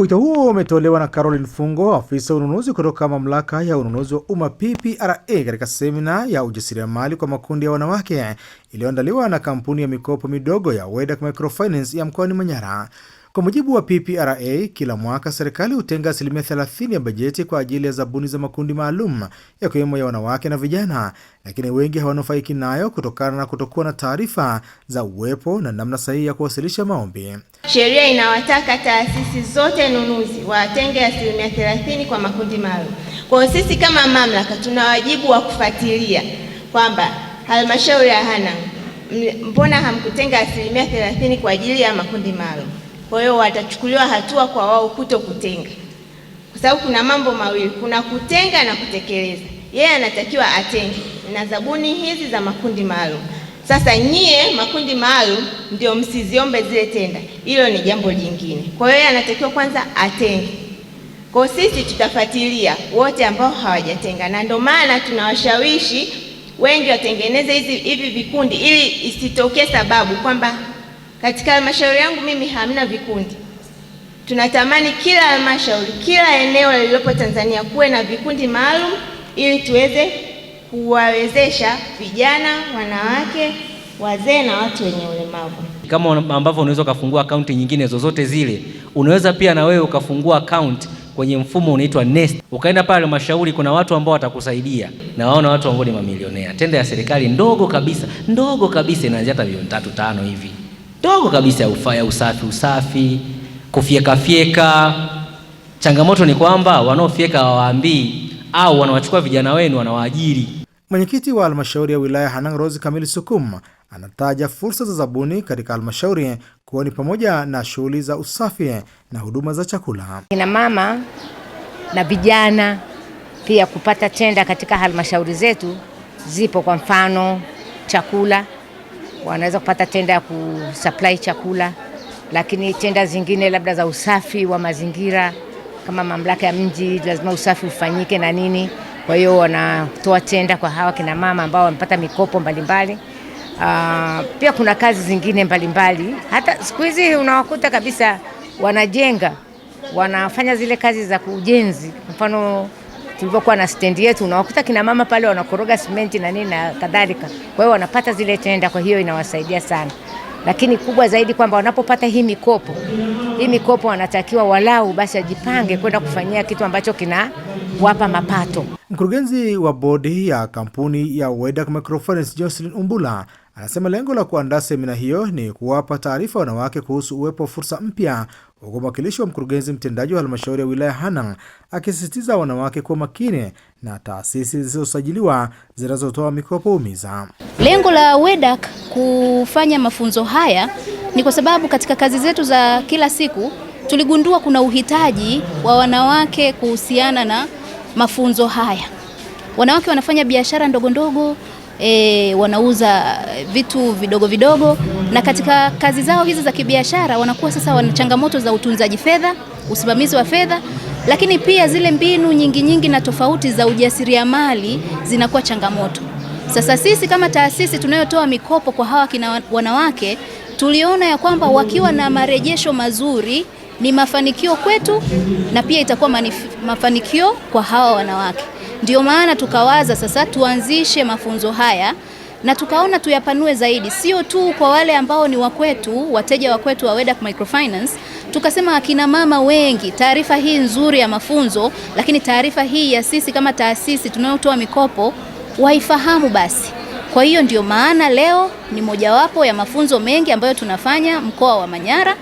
Wito huo umetolewa na Caroline Fungo, afisa ununuzi kutoka mamlaka ya ununuzi wa umma PPRA, katika semina ya ujasiriamali kwa makundi ya wanawake iliyoandaliwa na kampuni ya mikopo midogo ya WEDAC Microfinance ya mkoani Manyara. Kwa mujibu wa PPRA, kila mwaka serikali hutenga asilimia 30 ya bajeti kwa ajili ya zabuni za makundi maalum yakiwemo ya wanawake na vijana, lakini wengi hawanufaiki nayo kutokana na kutokuwa na taarifa za uwepo na namna sahihi ya kuwasilisha maombi. Sheria inawataka taasisi zote nunuzi watenge asilimia 30 kwa makundi maalum. Kwa hiyo sisi kama mamlaka tuna wajibu wa kufuatilia kwamba halmashauri ya Hanang', mbona hamkutenga asilimia 30 kwa ajili ya makundi maalum? Kwa hiyo watachukuliwa hatua kwa wao kuto kutenga, kwa sababu kuna mambo mawili, kuna kutenga na kutekeleza. Yeye anatakiwa atenge na zabuni hizi za makundi maalum. Sasa nyie makundi maalum ndio msiziombe zile tenda, hilo ni jambo jingine. Kwa hiyo yeye anatakiwa kwanza atenge. Kwa sisi tutafuatilia wote ambao hawajatenga, na ndio maana tunawashawishi wengi watengeneze hizi hivi vikundi, ili isitokee sababu kwamba katika halmashauri yangu mimi hamna vikundi. Tunatamani kila halmashauri, kila eneo lililopo Tanzania kuwe na vikundi maalum ili tuweze kuwawezesha vijana, wanawake, wazee na watu wenye ulemavu. Kama ambavyo unaweza ukafungua akaunti nyingine zozote zile, unaweza pia na wewe ukafungua akaunti kwenye mfumo unaitwa Nest. Ukaenda pale halmashauri, kuna watu ambao watakusaidia, na waona watu ambao ni mamilionea. Tenda ya serikali ndogo kabisa, ndogo kabisa, inaanzia hata milioni tatu tano hivi dogo kabisa ya, ufa, ya usafi usafi, kufyekafyeka. Changamoto ni kwamba wanaofyeka hawawaambii au wanawachukua vijana wenu wanawaajiri. Mwenyekiti wa halmashauri ya wilaya Hanang' Rose Kamili Sukuma anataja fursa za zabuni katika halmashauri kuwa ni pamoja na shughuli za usafi na huduma za chakula. Kina mama na vijana pia kupata tenda katika halmashauri zetu zipo, kwa mfano chakula wanaweza kupata tenda ya kusupply chakula, lakini tenda zingine labda za usafi wa mazingira, kama mamlaka ya mji lazima usafi ufanyike na nini. Kwa hiyo wanatoa tenda kwa hawa kina mama ambao wamepata mikopo mbalimbali mbali. Uh, pia kuna kazi zingine mbalimbali mbali. Hata siku hizi unawakuta kabisa wanajenga wanafanya zile kazi za ujenzi, mfano tulivyokuwa na stendi yetu, unawakuta kina mama pale wanakoroga simenti na nini na kadhalika, kwa hiyo wanapata zile tenda, kwa hiyo inawasaidia sana lakini kubwa zaidi kwamba wanapopata hii mikopo hii mikopo wanatakiwa walau basi ajipange kwenda kufanyia kitu ambacho kinawapa mapato. Mkurugenzi wa bodi ya kampuni ya Wedak Microfinance Jocelyn Umbula anasema lengo la kuandaa semina hiyo ni kuwapa taarifa wanawake kuhusu uwepo wa fursa mpya huku mwakilishi wa mkurugenzi mtendaji wa halmashauri ya wilaya Hanang' akisisitiza wanawake kuwa makini na taasisi zisizosajiliwa zinazotoa mikopo umiza. Lengo la WEDAC kufanya mafunzo haya ni kwa sababu katika kazi zetu za kila siku tuligundua kuna uhitaji wa wanawake kuhusiana na mafunzo haya. Wanawake wanafanya biashara ndogondogo, e, wanauza vitu vidogo vidogo, na katika kazi zao hizi za kibiashara wanakuwa sasa wana changamoto za utunzaji fedha, usimamizi wa fedha, lakini pia zile mbinu nyingi nyingi na tofauti za ujasiriamali zinakuwa changamoto. Sasa sisi kama taasisi tunayotoa mikopo kwa hawa kina wanawake tuliona ya kwamba wakiwa na marejesho mazuri ni mafanikio kwetu na pia itakuwa mafanikio kwa hawa wanawake. Ndio maana tukawaza sasa tuanzishe mafunzo haya na tukaona tuyapanue zaidi, sio tu kwa wale ambao ni wakwetu, wateja wakwetu wa Wedak Microfinance. Tukasema akina mama wengi, taarifa hii nzuri ya mafunzo, lakini taarifa hii ya sisi kama taasisi tunayotoa mikopo waifahamu basi. Kwa hiyo ndio maana leo ni mojawapo ya mafunzo mengi ambayo tunafanya mkoa wa Manyara.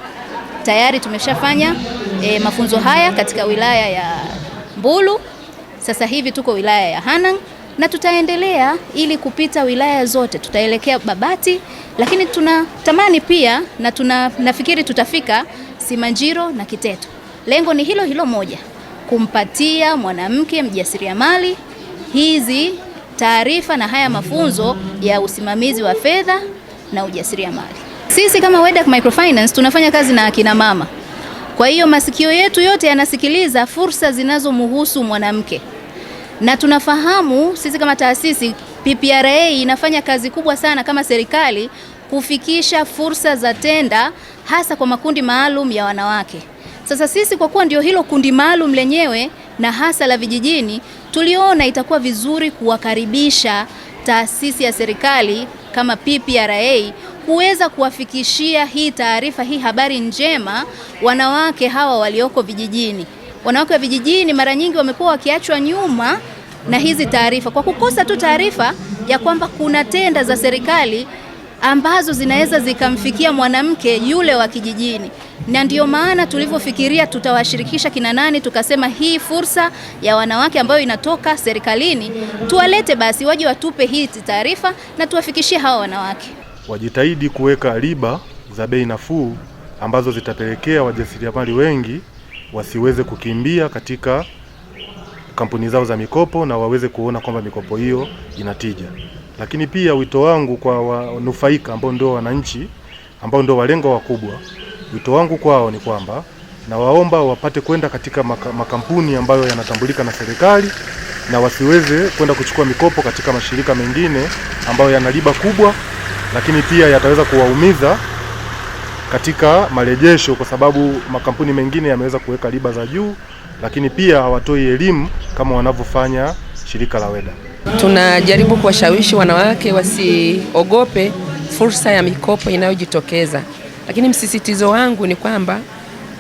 Tayari tumeshafanya e, mafunzo haya katika wilaya ya Mbulu. Sasa hivi tuko wilaya ya Hanang na tutaendelea ili kupita wilaya zote, tutaelekea Babati, lakini tunatamani pia na tuna, nafikiri tutafika Simanjiro na Kiteto. Lengo ni hilo hilo moja, kumpatia mwanamke mjasiriamali hizi taarifa na haya mafunzo ya usimamizi wa fedha na ujasiriamali. Sisi kama Wedak Microfinance tunafanya kazi na akina mama, kwa hiyo masikio yetu yote yanasikiliza fursa zinazomhusu mwanamke na tunafahamu sisi kama taasisi PPRA inafanya kazi kubwa sana kama serikali kufikisha fursa za tenda hasa kwa makundi maalum ya wanawake. Sasa sisi kwa kuwa ndio hilo kundi maalum lenyewe na hasa la vijijini, tuliona itakuwa vizuri kuwakaribisha taasisi ya serikali kama PPRA kuweza kuwafikishia hii taarifa, hii habari njema wanawake hawa walioko vijijini wanawake wa vijijini mara nyingi wamekuwa wakiachwa nyuma na hizi taarifa kwa kukosa tu taarifa ya kwamba kuna tenda za serikali ambazo zinaweza zikamfikia mwanamke yule wa kijijini, na ndiyo maana tulivyofikiria tutawashirikisha kina nani, tukasema hii fursa ya wanawake ambayo inatoka serikalini tuwalete basi, waje watupe hii taarifa na tuwafikishie hawa wanawake. Wajitahidi kuweka riba za bei nafuu ambazo zitapelekea wajasiriamali wengi wasiweze kukimbia katika kampuni zao za mikopo na waweze kuona kwamba mikopo hiyo inatija. Lakini pia wito wangu kwa wanufaika ambao ndio wananchi ambao ndio walengwa wakubwa, wito wangu kwao ni kwamba nawaomba wapate kwenda katika makampuni ambayo yanatambulika na serikali na wasiweze kwenda kuchukua mikopo katika mashirika mengine ambayo yana riba kubwa, lakini pia yataweza kuwaumiza katika marejesho, kwa sababu makampuni mengine yameweza kuweka riba za juu, lakini pia hawatoi elimu kama wanavyofanya shirika la WEDA. Tunajaribu kuwashawishi wanawake wasiogope fursa ya mikopo inayojitokeza, lakini msisitizo wangu ni kwamba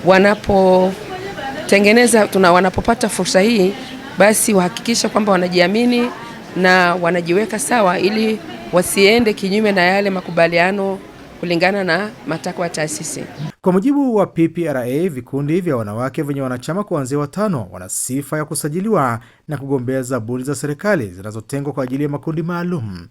wanapotengeneza tuna wanapopata fursa hii, basi wahakikisha kwamba wanajiamini na wanajiweka sawa ili wasiende kinyume na yale makubaliano kulingana na matakwa ya taasisi. Kwa mujibu wa PPRA, vikundi vya wanawake vyenye wanachama kuanzia watano wana sifa ya kusajiliwa na kugombea zabuni za serikali zinazotengwa kwa ajili ya makundi maalum.